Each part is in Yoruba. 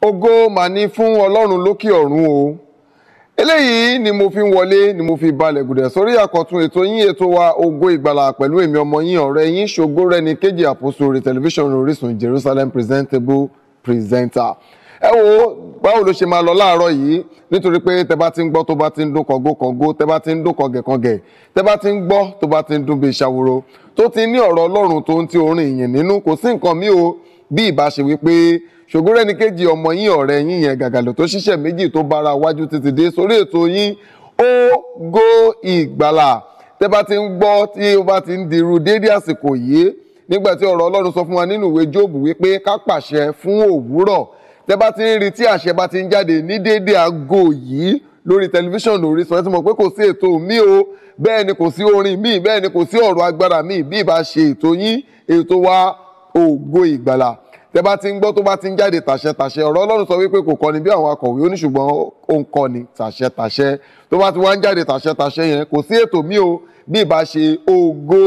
Ogo mà ní fún ọlọ́run lókè ọ̀run o eléyìí ni mo fi wọlé ni mo fi balẹ̀ gùdẹ̀ sórí àkọ́tún ètò yín ètò wa ogo ìgbàlà pẹ̀lú èmi ọmọ yín ọ̀rẹ́ yín ṣògo rẹni kejì àpòsò orí tẹlifíṣàn orísun jerusalem presentable presenter ẹ wo báwo ló ṣe máa lọ láàárọ̀ yìí nítorí pé tẹ bá ti ń gbọ́ tó bá ti ń dún kọ̀ǹgó kọ̀ǹgó tẹ bá ti ń dún kọ̀ǹgẹ̀kọ̀ǹgẹ̀ tẹ bá ti ń gbọ́ tó bá ti ń dún bíi ṣàwòrò tó ti ní ọ̀rọ̀ ọlọ́run tó ń ti orin ìyìn nínú kò sí nǹkan míì o bí ìbá ṣe wípé Ṣògorẹ́nìkejì ọmọ yín ọ̀rẹ́ yín yẹn gàgàlò tó ṣiṣẹ́ méjì tó bára wájú títí dé sórí ètò yín Ògo Ìgbàlà tẹ́ bá ti ń gbọ́ tí ó bá ti ń dirú déédé àsìkò yìí nígbà tí ọ̀rọ̀ Ọlọ́run sọ fún wa nínú ìwé Jóòbù wípé ká pàṣẹ fún òwúrọ̀ tẹ́ bá ti ń rí tí àṣẹ bá ti ń jáde ní déédé aago yìí lórí tẹlifíṣàn Orísun ẹ ti mọ̀ pé kò sí ètò mi o bẹ́ẹ̀ ni kò sí orin mi bẹ́ẹ̀ ni kò sí ọ̀rọ̀ agbára mi bí ìbá ṣe ètò yín ètò wa ògo ìgbàlà tẹ bá ti ń gbọ́ tó bá ti ń jáde tàṣẹ tàṣẹ ọ̀rọ̀ Ọlọ́run sọ wípé kò kọ́ni bí àwọn akọ̀wé ó ní ṣùgbọ́n ó ń kọ́ni tàṣẹ tàṣẹ tó bá ti wá ń jáde tàṣẹ tàṣẹ yẹn kò sí ètò mi o bí ìbá ṣe ògo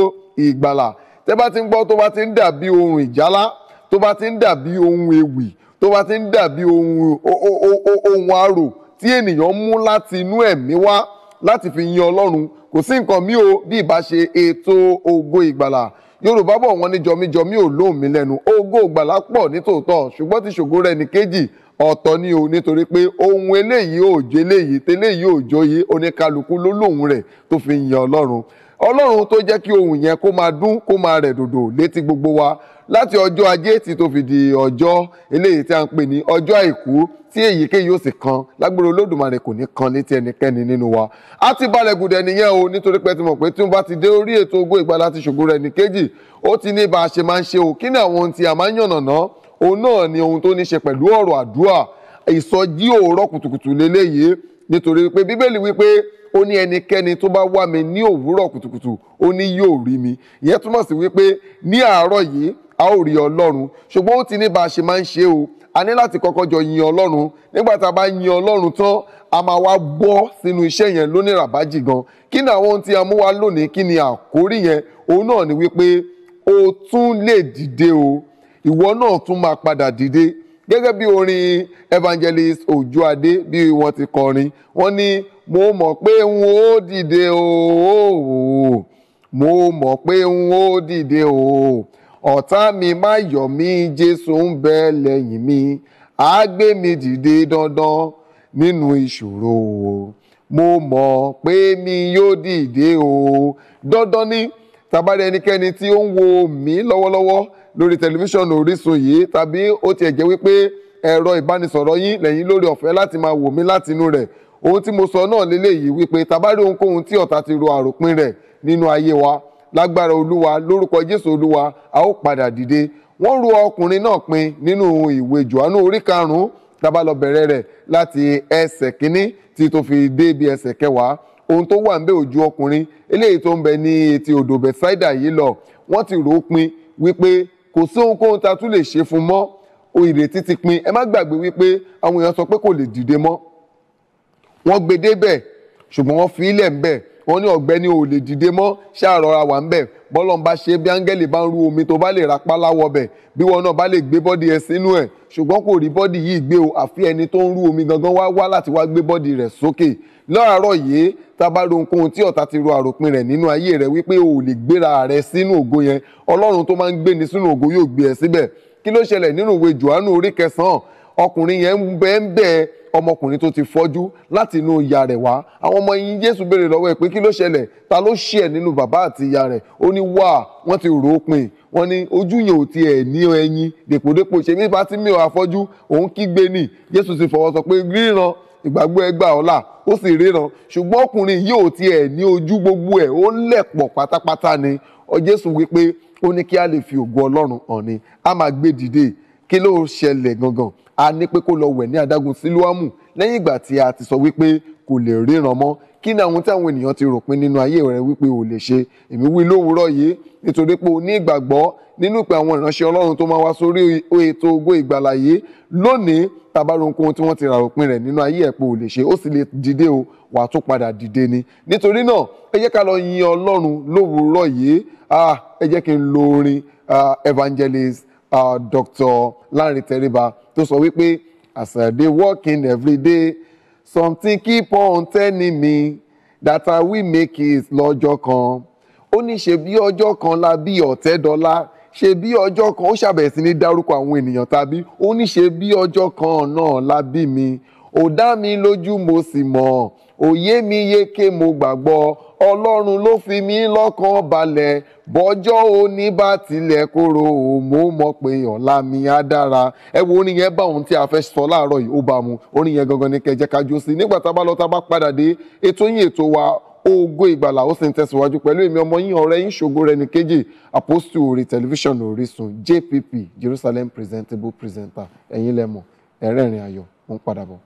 ìgbàlà tẹ bá ti ń gbọ́ tó bá ti ń dàbí ohun ìjálá tó bá ti ń dàbí ohun ewì tó bá ti ń dàbí ohun ohun arò tí ènìyàn mú láti inú ẹ̀mí wá láti fi yin Ọlọ́run kò sí nǹkan mi o bí ìbá ṣe ètò ògo ìgbàlà yorùbá bọ̀ wọ́n ní jọmíjọmí ò lóun mi lẹ́nu ògo ìgbàlà pọ̀ nítòótọ́ ṣùgbọ́n ti ṣògo rẹ̀ ní kejì ọ̀tọ̀ ni o nítorí pé ohun eléyìí ò jẹ́ eléyìí tẹ́lẹ̀ yìí ò jóye oníkálukú ló lóun rẹ̀ tó fi ń ọlọ́run ọlọ́run tó jẹ́ kí ohun yẹn kó máa dún kó máa rẹ̀ dòdò létí gbogbo wa láti ọjọ́ ajé tí tó fi di ọjọ́ eléyìí tí a ń pè ní ọjọ́ àìkú tí èyíkéyìí yóò sì kan lágbèrè olódùmarè kò ní kan létí ẹnikẹ́ni nínú wa a ti balẹ̀ gùdẹ̀ nìyẹn o nítorí pé ti mọ̀ pé tí wọ́n bá ti dé orí ètò Ògo Ìgbàlà ti ṣògo rẹ̀ nìkejì ó ti ní bá a ṣe máa ń ṣe o kí ni àwọn ohun tí a máa ń yànnàná òun náà ni ohun tó ní ṣe pẹ̀lú ọ̀rọ̀ àdúrà ìsọjí òórọ̀ kùtùkùtù lélẹ́yìí nítorí pé bíbélì wípé ó ní ẹnikẹ́ni tó bá wá mi ní òwúrọ̀ kùtùkùtù ó ní yóò rí mi ìyẹn túmọ̀ sí wípé ní àárọ̀ yìí a ó rí ọlọ́run ṣùgbọ́n ó ti ní bá a ṣe máa ń ṣe o a ní láti kọ́kọ́ jọ yin ọlọ́run nígbà tá a bá yin ọlọ́run tán a máa wá gbọ́ sínú iṣẹ́ yẹn lónìí ràbájì gan kí ni àwọn ohun tí a mú wá lónìí kí ni àkórí yẹn òun náà ni wípé o tún lè dìde o ìwọ náà tún máa padà dìde gẹ́gẹ́ bí orin evangelist Òjó Adé bí wọ́n ti kọrin wọ́n ní mo mọ̀ pé n ó dìde ooo mo mọ̀ pé n ó dìde ooo ọ̀tá mi má yọ̀ mí Jésù ń bẹ lẹ́yìn mi á gbé mi dìde dandan nínú ìṣòro o mo mọ̀ pé mi yóò dìde o dandan ni tàbárí ẹnikẹ́ni tí ó ń wo mí lọ́wọ́lọ́wọ́ lórí tẹlifíṣàn Orísun yìí tàbí ó tiẹ̀ jẹ́ wípé ẹ̀rọ ìbánisọ̀rọ̀ yín lẹ́yìn lórí ọ̀fẹ́ láti máa wò mí látinú rẹ̀ ohun tí mo sọ náà lélẹ́yìí wípé tabari ohunkóhun tí ọ̀tá ti ro àròpin rẹ̀ nínú ayé wa lágbára olúwa lórúkọ jésù olúwa a ó padà dìde wọ́n ru ọkùnrin náà pin nínú ìwé johannu orí karùn-ún tábà lọ bẹ̀rẹ̀ rẹ̀ láti ẹsẹ̀ kínní tí tó fi dé ibi ẹsẹ̀ kẹwàá ohun tó wà ń bẹ ojú ọkùnrin eléyìí tó ń bẹ ní etí odò bethsaida yìí lọ wọ́n ti rò ó pin wípé kò sí ohunkóhun tá a tún lè ṣe fún mọ́ ìrètí ti pin ẹ má gbàgbé wípé àwọn èèyàn sọ pé kò lè dìde mọ́ wọ́n gbé débẹ̀ ṣùgbọ́n wọ́n fi ilẹ̀ ńbẹ̀ wọ́n ní ọ̀gbẹ́ni ò lè dìde mọ́ ṣàrọ̀ra wà ńbẹ̀ bọ́lọ́n bá ṣe bí áńgẹ́lì bá ń ru omi tó bá lè ra pálá wọbẹ̀ bí wọn náà bá lè gbé bọ́dì ẹ sínú ẹ̀ ṣùgbọ́n kò rí bọ́dì yìí gbé o àfi ẹni tó ń ru omi gangan wá wá láti wá gbé bọ́dì rẹ̀ sókè lọ́ràárọ̀ yìí tá a bá ro ohunkóhun tí ọ̀tá ti ro àròpin rẹ̀ nínú ayé rẹ̀ wípé o lè gbéra rẹ̀ sínú ògo yẹn ọlọ́run tó máa ń gbé ni sínú ògo yóò gbé ẹ síbẹ̀ kí ló ṣẹlẹ̀ nínú ìwé Jòhánù orí kẹsàn-án ọkùnrin yẹn ń bẹ́ẹ̀ ọmọkùnrin tó ti fọ́jú láti inú ìyá rẹ̀ wá àwọn ọmọ yìí Jésù béèrè lọ́wọ́ ẹ̀ pé kí ló ṣẹlẹ̀ ta ló ṣe ẹ̀ nínú bàbá àti ìyá rẹ̀ ó ní wá wọ́n ti rò ó pin wọ́n ní ojú yẹn ò tiẹ̀ ní ẹyin dèpòdépò ṣe bí bá ti mí ò afọ́jú òun kígbe ni Jésù ti fọwọ́ sọ pé ríran ìgbàgbọ́ ẹgbà ọ̀la ó sì ríran ṣùgbọ́n ọkùnrin yìí ò tiẹ̀ ní ojú gbogbo ẹ̀ ó lẹ̀pọ̀ pátápátá ni ọ Jésù wípé ó ní kí a lè fi ògo Ọlọ́run hàn ni a máa gbé dìde kí ló ṣẹlẹ̀ gangan a ní pé kó lọ wẹ̀ ní adágún sílùámù lẹ́yìn ìgbà tí a ti sọ wípé kò lè ríran mọ́ kí ni àwọn tí àwọn ènìyàn ti ròpin nínú ayé rẹ wípé ò lè ṣe èmi wí lówùúrọ̀ yìí nítorí pé o ní ìgbàgbọ́ nínú ìpè àwọn ìránṣẹ́ Ọlọ́run tó máa wá sórí ètò Ògo Ìgbàlà yìí lónìí tabaru ohunkóhun tí wọ́n ti ràròpin rẹ̀ nínú ayé ẹ̀ pé ò lè ṣe ó sì lè dìde o wàá tún padà dìde ni nítorí náà ẹ jẹ́ ká lọ yin Ọlọ́run lówùúrọ̀ yìí ah, ẹ jẹ́ kí n lo orin ah, evangelist Dr. Larry Teriba tó sọ wípé as I dey working every day something keep on telling me that I will make it lọ́jọ́ kan ó ní ṣe bí ọjọ́ kan la bí Ọ̀tẹ́dọ́lá ṣe bí ọjọ́ kan ó ṣàbẹ̀sí ní dárúkọ àwọn ènìyàn tàbí ó ní ṣe bí ọjọ́ kan náà la bí mi ó dá mi lójú mo sì mọ̀ òye mi yéké mo gbàgbọ́ ọlọ́run ló fi mí lọ́kàn balẹ̀ bọ́jọ́ òní bá tilẹ̀ kóró mo mọ̀ pé ọ̀la mi á dára ẹ wo orin yẹn bá ohun tí a fẹ́ sọ láàárọ̀ yìí ó bá mu orin yẹn gangan ni kẹjẹ kájú sí nígbà tá a bá lọ tá a bá padà dé ètò yín ètò wa Ògo Ìgbàlà ó sì ń tẹ̀síwájú pẹ̀lú èmi ọmọ yín ọ̀rẹ́ yín ṣògo rẹ̀ ní kejì àpòsù orí tẹlifíṣàn Orísun JPP Jerusalem presentable presenter ẹ̀yin lẹ́mọ̀ ẹ̀rẹ́rìn ayọ̀ ń padà bọ̀.